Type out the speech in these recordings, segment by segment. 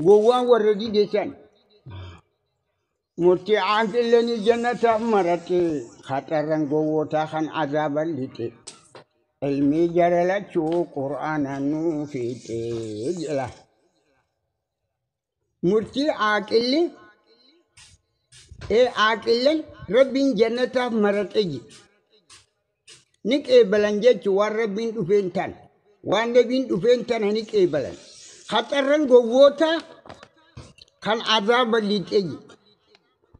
gowan di gide murti muti angeleni jannata marati khataran gowo ta han azaban lite ilmi jarala chu qur'ana nu Murti jala muti akilli e akilli rabbin jannata marati ji nik e balanje chu warabbin du fentan wande bin du fentan nik e خطرن غووتا كان عذاب ليتي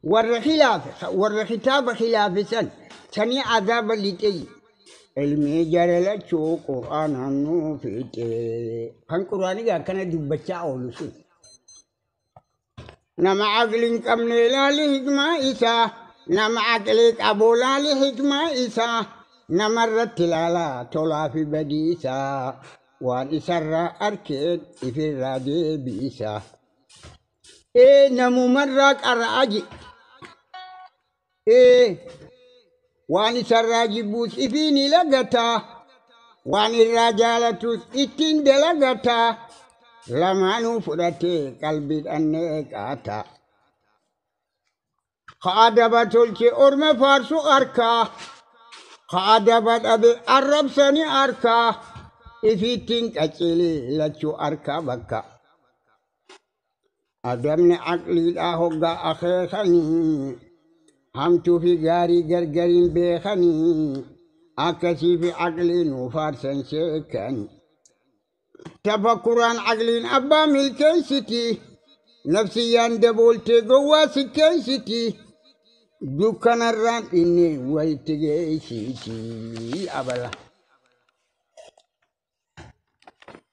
ورخلاف ورختاب خلاف سن سني عذاب ليتي علمي جرل چو قران انو فيتي كان قراني غا كان دبچا اولس نما عقلين كم نلال حكمة إسا نما عقلين أبولا لحكمة إسا نما رتلالا تولا في بديسا والإسرة أركيد إفر رادي بيسا إيه نمو مرق أرأجي إيه وان إسرة جبوس إفيني لغتا وان الرجالة إتين دلغتا لما فرتي قلبي أنيك آتا خادبت الكي أرم فارسو أركا خادبت أبي أرب سني أركا A ifiting kacili la cu arka baka. Adam ni akli a hoga akhekhani. Ham tu fi gari gar garin bekhani. Akasi fi akli nufar sansekani. Tapa Quran akli abba milken siti. Nafsi yan debol te gowa siken siti. Dukkanarran inni waitige siti abala. Abala.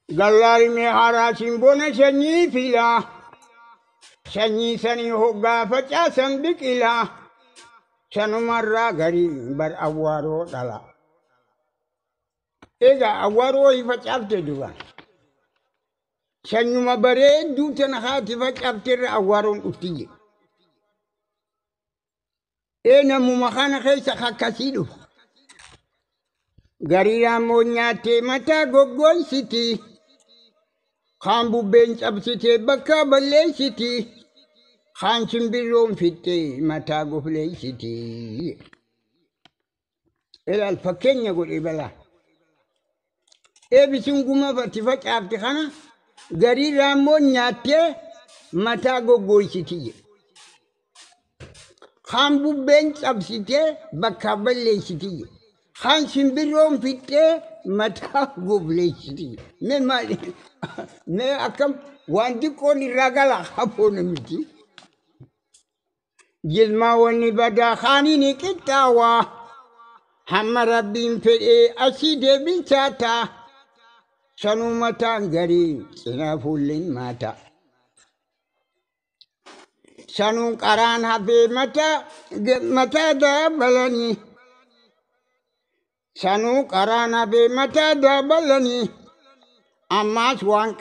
Gallari mai harashin bona sanyii fila sani hogga faca san biqila sanumarraa gariin bar awaro dala, awaro dhala egaa awwaarooyi facaafte duran sanyuma bareedduu tana haati facaafterra awwaaroon dhuftiyye ee namuma kana keessa akkasii dhufa gariiraan te mata mataa goggoonsitii Kaan bubbeen cabsitee bakkaa balleessiti. Kaan simbirroon fittee mataa gofleessiti. Ilaal fakkeenya godhe balaa. Eebisiin guma fatti facaafte kana garii raammoo nyaattee mataa goggooysiti jedhe. Kaan bubbeen cabsitee bakkaa balleessiti jedhe. Kaan simbirroon fittee mataa gofleessiti jedhe. ne akam waandiko ragala hapone miti jilma woni bada hanini kittawa hamma rabbin fedhe ashi sanu mata ngari tsina fulin mata mata mata da balani Sanu karan qaraan mata da balani. ammaas waan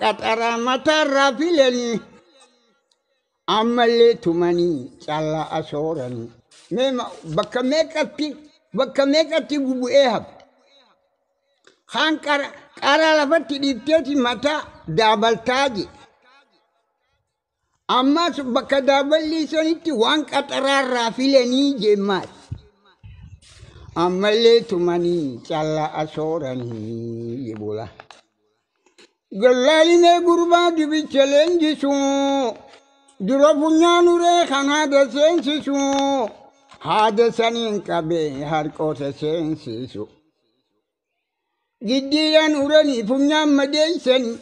mata tarraa filanii ammallee tumanii callaa asooranii. Meema bakka meeqatti bakka meeqatti bubu'ee hafe. Haan qara lafatti dhiifteeti mataa daabaltaa je. bakka daaballi isanitti waan qaxaraarraa filanii jemmaas. Ammallee tumanii callaa asooranii jebola. ಗಲ್ಲಾಲಿನೇ ಗುರುಬಾ ದಿವಿ ಚಲೆಂಜಿಸು ದುರಪುಣ್ಯಾನುರೇ ಹಣದ ಸೇನ್ಸಿಸು ಹಾದ ಸನಿಂ ಕಬೆ ಹರ್ಕೋಸ ಸೇನ್ಸಿಸು ಗಿಡ್ಡಿಯನುರನಿ ಪುಣ್ಯಮ್ಮದೇಸನಿ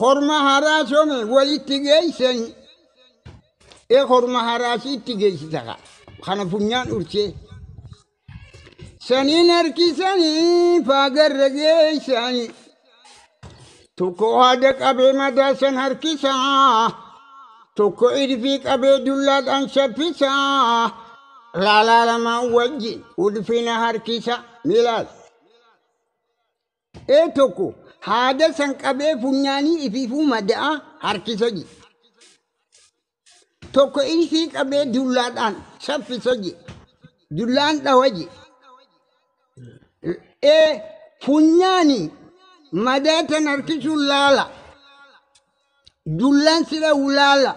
ಹೊರ್ಮ ಹರಾಸೊಮೆ ಒಲಿತ್ತಿಗೇಸನಿ ಎ ಹೊರ್ಮ ಹರಾಸಿ ಇಟ್ಟಿಗೇಸಿದಾಗ ಹಣ ಪುಣ್ಯಾನ್ ಉರ್ಚೆ ಸನಿ ನರ್ಕಿ ಸನಿ ಪಾಗರ್ರಗೇ ಸನಿ توكو هادك أبي مداسن هركسا توكو إرفيك أبي دولاد أنشفسا لا لا لا ما وجي ودفينا هركسا ميلاد إيه توكو هذا سنك أبي فنياني إفيفو مدعا هركسا جي توكو إرفيك أبي دولاد أنشفسا جي دولان دواجي إيه فنياني مدات نركش اللالا دلان سلا ولالا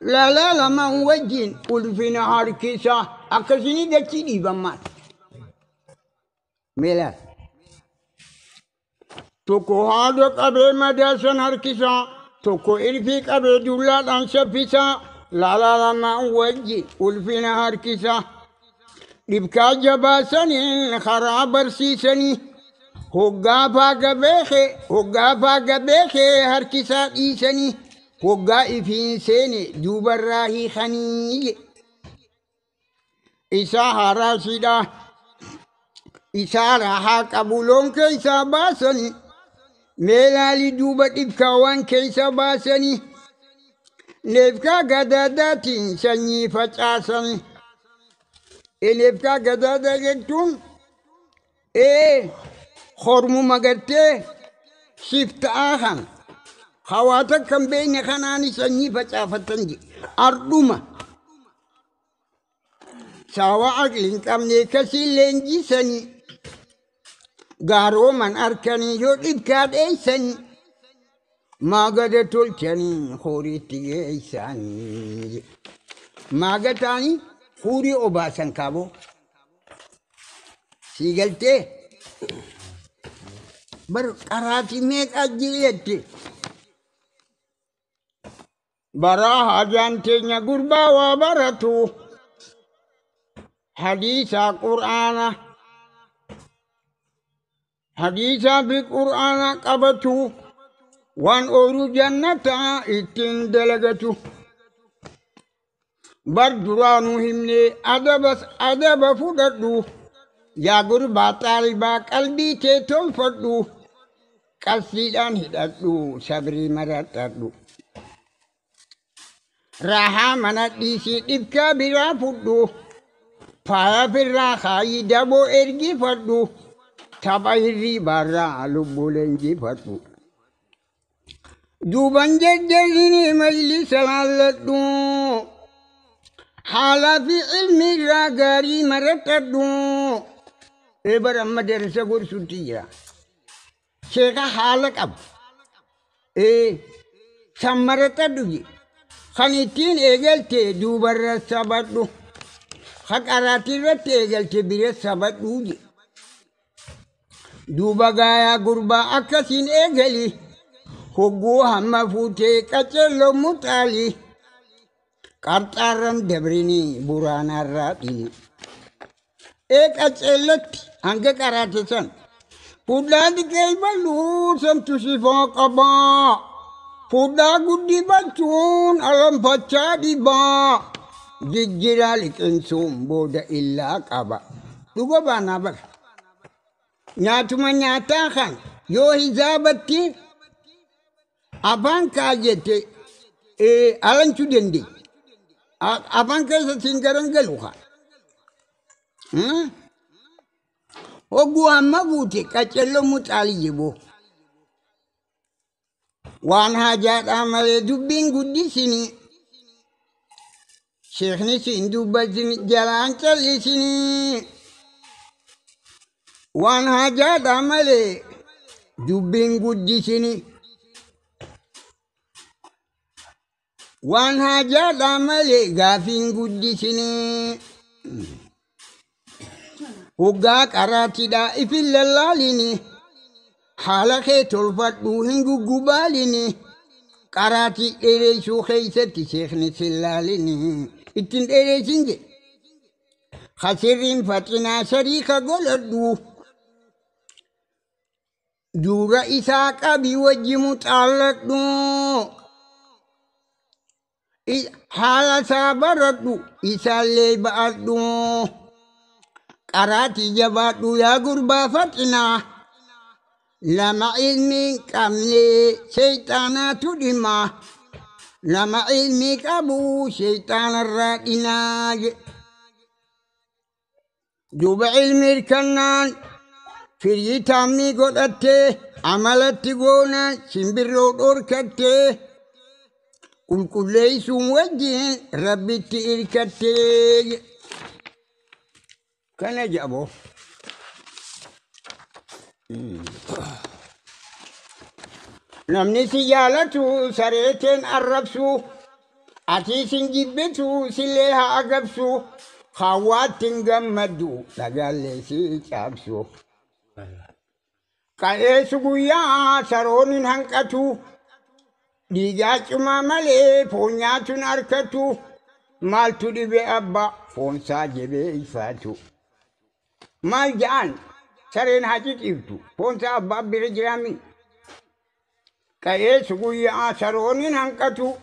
لا لا لا ما هو جين قل في نهار كيسا أكسيني دا تيدي بمات ميلاس توكو هادو قبل مدات نركيسا توكو إرفي قبل دلال أنسا فيسا لا لا لا ما هو جين قل في نهار كيسا لبكا جباسني خرابر سيسني hoggaafaa gabeeke hoggaafaa gabeeke harkisaa dhiisanii hoggaa ifiin seene duubarraa hiikanii isaa haraasidha isaa rahaa qabuloon keessaa baasanii meelaali duuba dhibkaawwan keessa baasanii neefkaa gadaadaatiin sanyii facaasanii neefkaa gadaadaa jechuun ee خورمو مگرته سیفت آخان خواتا کم بین خنانی سنی فچافتن جی اردوما ساوا عقلین کم نیکسی لینجی سنی گارو من ارکنی جو ابکاد ای سنی ماغد تلتنی خوری تیگه ای سانی ماغد تانی خوری اوباسن کابو سیگلتے bar qaraatii meeqaa jiru jette. Baraa hajaan teenya gurbaa baratu. Hadiisaa qur'aana. Hadiisaa fi qur'aana qabatu. Waan ooluu jannataa ittiin dalagatu. Bar duraanuu himne adaba fudhadhu. ya gurbatar ba kalbi ce tun faɗu ƙasi ɗan hiɗaɗɗu sabri mara ɗaɗɗu raha mana ɗisi ɗifka bira fuɗɗu faya firra hayi dabo ergi faɗɗu taɓa hirri barra lubbulengi faɗɗu duban jejjerini majlisan allaɗɗu hala fi ilmi ragari mara ɗaɗɗu एबार हम मदरसे गुर सुटी गया शेखा हालक अब ए सम्मरता दुगी खनी तीन एगल ते दूबर सबक दू खक अराती रत एगल ते बिरे सबक दूजी दूबा गाया गुरबा अकसिन एगली होगो हम फूटे कचलो मुताली करतारम दबरिनी बुराना रातिनी eqaceellatti hanga qaraate san fuudhaa diqee bal'uu samtu sifaa qabaa fuudhaa guddii balchuun alanfachaa dhibaa jijjiraa liqinsuun booda illaa qaba dhuga baanaa bara nyaatuma nyaataa kan yoo hijaabatti Hmm? ogua mabuti qacello mucaali jibo waan haajaadha malee dubbiin guddisini sheekni siin dubbasini jalaan callisini waan haajaadha malee dubbiin guddisini waan haajaadha malee gaafiin guddisini hmm. woggaa qaraatidhaa ifin lallaalini haala kee tolfadhuu hin guggubaalini qaraatii dheereessuu keeysatti seekni sillaalini ittin dheereessin jedhe hasirriin faxinaa sarii ka goladhuu duura isaa qabii wajji mucaalladhu haala isaa baradhu isaallee ba'adhu qaraatii jabaadhu yaa gurbaa faxinaa lama ilmi hin qabne shayxaanaatu dhima lama ilmi qabu shayxaanarraa dhinaa duuba ilmi hirkannaan firii taammii godhattee amalatti goona simbirroo dhorkattee qulqulleeysuun wajjiin rabbitti irkattee. Kan jabo. Namni si jaalatu sareeteen arrabsu, ati sin jibbitu silee haa agabsu, hawwaattiin gammaddu dhagaallee si caabsu. Qa'eessu guyyaa saroon hin hanqatu, dhiigaa cimaa malee foonyaatuun harkatu, maaltu dhibee abba foonsaa jebee ifaatu. مال جعان سرين حاجيك إبتو فونسا أباب برجرامي كأي سقوي آسرونين هنكتو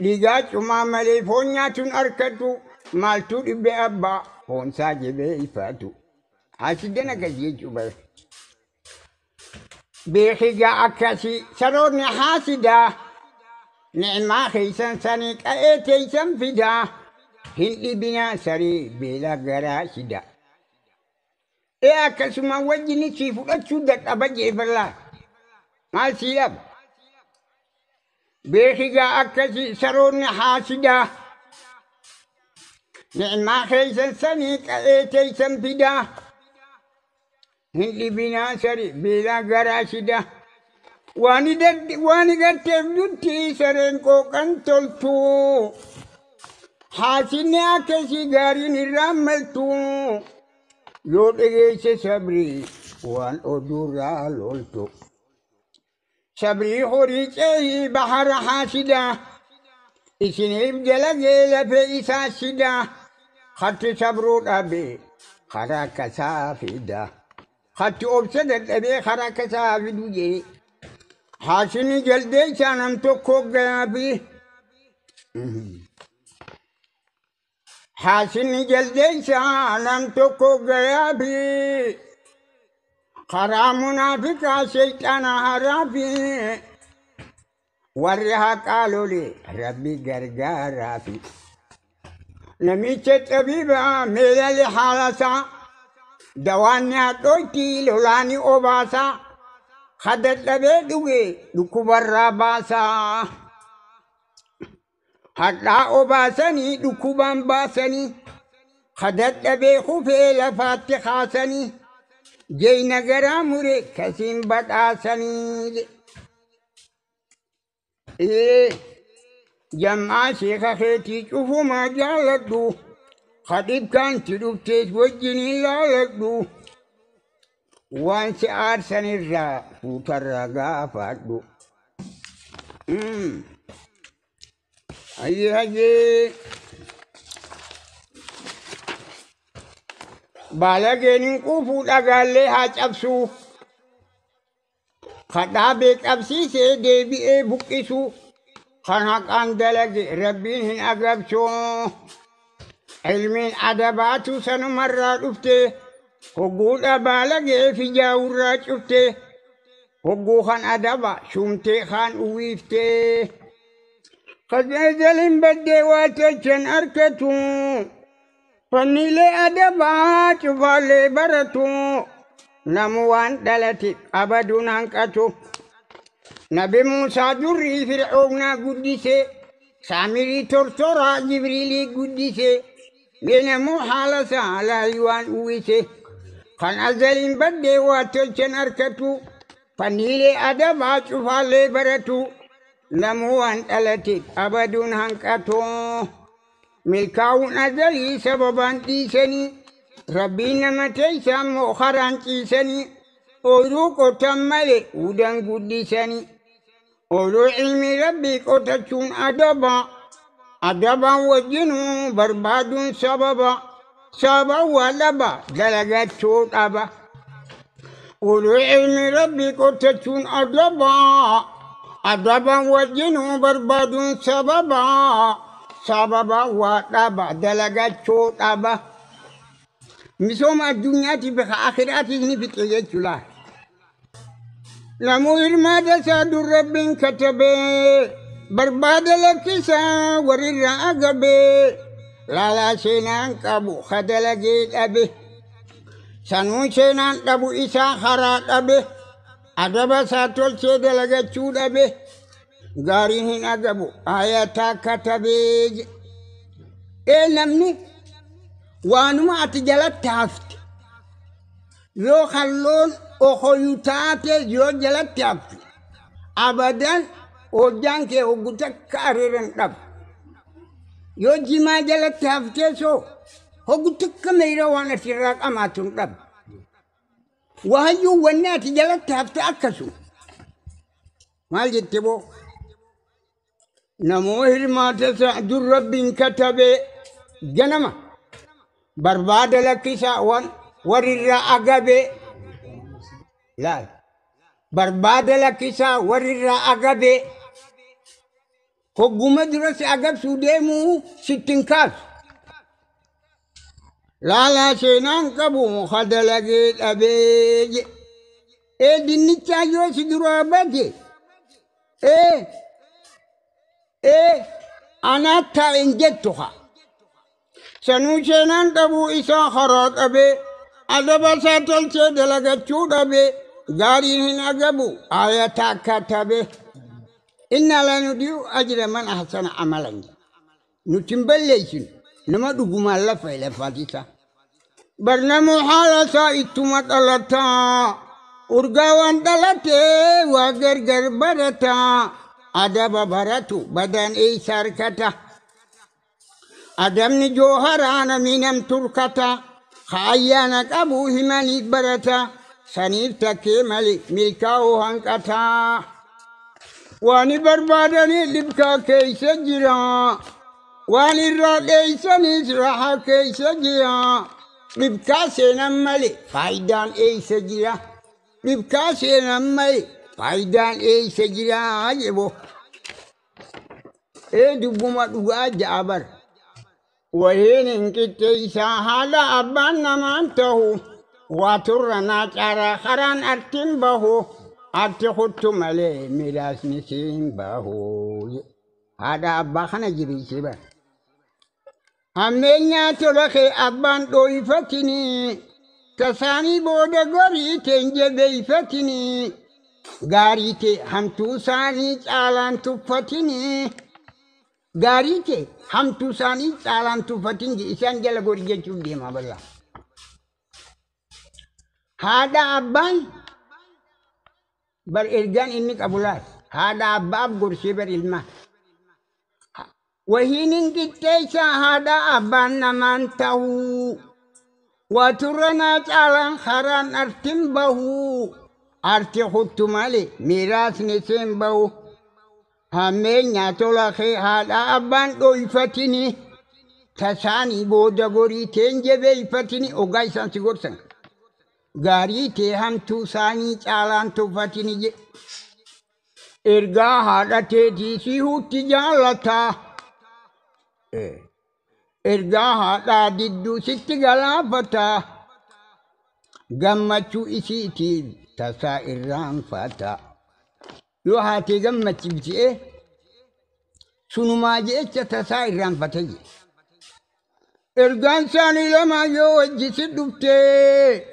لغات وما ملي فونياتون أركتو مالتو إبي أبا فونسا جبه إفاتو حاسدنا كجيجو بس بيخيجا أكاسي سرون حاسدا نعما خيسان سانيك أي تيسان فدا هل إبنا سري بلا غراشدا ee eh, akkasumaan wajjini sii fudhachuu dadhaba jeefarraa maal sii dhaba beekigaa ni hasida. haasidaa ni'maa keeysan sanii qa'ee teeysan fidaa hin dhibinaa sari beelaa garaa sidaa waan igarteef dutti sareen qooqan toltuu haasinni akkasii garin irraan tu. لولئي صبري وان أدور لولت صبري خريجي بحر حاسدة إسنهم جلجل في إساسدة خط صبر أبي خراك سافدة خط أبسدت أبي خراك سافدة حاسني جلدي كانم تكوك أبي حاسن جلدي سالن تكو غيابي خرا منافقا شيطان عرابي وريها قالوا لي ربي غرغرافي نميت طبيبا ميلال حالسا دواني اتوكي لولاني اوباسا خدت لبي دوكي دوكو برا باسا o ba sani ɗukuban ba sani hadaddaɓe hufe lafati ha sani na gara mure kasin baɗa sani ee jam'a sheeka keetii cufumaa jaaladhu kadhibkaanti dhuftees wajjinii laaladhu waan si ra fuutarraa faɗo. आइए आइए बालगेनिंकू फूटा गले हाच अबसू खता बेक अबसी से देवी ए भुकिसू खना कान दलग रब्बीन हिन अगब शो علمين أدبات سنو مرة رفته حقوق أبالغي في جاورة شفته حقوقا أدبا شمتي خان بدي واتشن أركتو فنيلي أدبات فالي برتو نموان دلتي أبدون أنكتو نبي موسى في فرعون قدسي سامري ترترى جبريلي قدسي بين محالة على يوان ويسي خان أزل بدي واتشن أركتو فنيلي أدبات فالي برتو لمو أنتلتك أبد هنكتو ملكاون أزلي سببا تيسني ربنا ما تيسا مؤخرا تيسني أولو ملي ودن قدسني أولو علم ربي قتشون أدبا أدبا وجنو برباد سببا سابا ولبا دلقات شوط أبا أولو علم ربي قتشون أدبا أدبا وجنو برباد سببا سببا ودبا دلقات شو دبا مسوم الدنيا بخ آخرات نفت يجلاه لمو إرما دساد رب كتبه برباد لكسا ورر أقبه لا لا سينان قبو خدل جيد أبه سنو سينان قبو إسا خرات أبه adaba satol cede laga cuuɗa ɓe gaari hen agabo ayata katabeje e namni wanuma ati jala taafte yo halloon o hoyutaate yo jala taafte abadan o janke o guta kaareren ɗab yo jima jala taafte so ho gutakka meyra wanatira kama tun ɗab وهيو والنات جلتها بتأكسوا ما جتبو نموهر ما تسعد رب كتب جنما برباد لك ساوان ورر أقب لا برباد لك سا ورر أقب هو درس أقب سوديمو ستين lalace nan kabu mu hadalage ɗabeje e dinnicha yo siduro abaje e e anatta ha sanu sanuce nan kabu isa haro ɗabe adaba satolce dalaga cuɗabe garin hina gabu ayata katabe inna diu ajira man ahsana amalan nutimballeysinu nama dhugumaa lafa elefaatiisa barnamuu haala isaa ittuma dhalataa urgaa waan dhalatee waa gargar barataa adaba baratu badan eeysa harkata adabni jooharaana minam turkata ka ayyaana qabuu himaniif barata saniif takkee mali milkaa'uu hanqataa waani barbaadanii dhibkaa keeysa jiraa waan iraadhaysaniis raxa kaysa jira dhibkaaseena male faaydaan eysa jira dhibkaaseena male faaydaan eysa jiraa jebo eedugguma dhugaa ja'abar waheenin qixxeeysaa haala abbaan namaan tahu waa turra naacaara haraan artin baho arti huttu malee midaasni siin baho haadha abbaa kana jibiisee hammeenya tolake abbaan dhooyfatini tasaanii booda gorii teen jabeeyfatini gaarii tee hamtuu isaanii caalaan tuffatini gaarii tee hamtuu isaanii caalaan tuffatini isaan jala gori jechuuf deema bal'aa. Haadha abbaan bar ergaan inni qabu laal haadha abbaaf gorsee bar ilmaan. وهين قتيشا هذا أبانا من تهو وترنا على خران أرتم بهو أرتي خدت مالي ميراث نسيم بهو همين يتلخي هذا أبان ألفتني تساني بودا غوري تنجب ألفتني أغايسان سيغرسان gaarii ta'e hamtuu saanii caalaan tuffatini jedhe ergaa haadha teetii si hutti jaallataa إيه إرداها لا ددو ست غلافتا قمتشو إسيتي تسا إران فاتا يو هاتي قمتش بتي إيه شنو ما جئت إيه تسا إران فاتا جي إرغان ساني لما جو وجس دبتي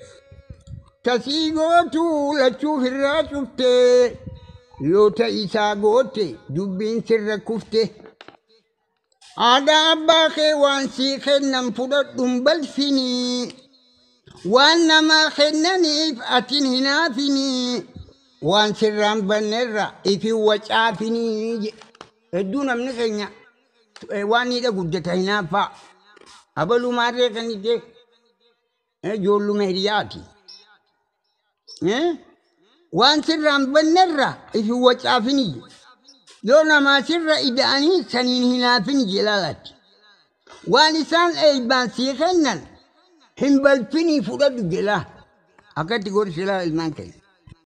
تسيغو تو لتشو في الراس دبتي يو تأيسا غوتي دبين سر كفتي aadaa abbaa kee waan sii kennan fudhadhuun balfinii waan namaa kennaniif atin hin haafinii waan sirraan banneerra ifin wacaafinii hedduu namni keenya waan hidha guddata hin haafaa abalumaarree kan iddee ijoolluma hiriyaati waan sirraan banneerra ifin wacaafinii دون ما سر إداني سنين هنا فين جلالت ولسان إلبان سيخنن هم بلفيني فرد جلال أكتغور سلا إلمان كي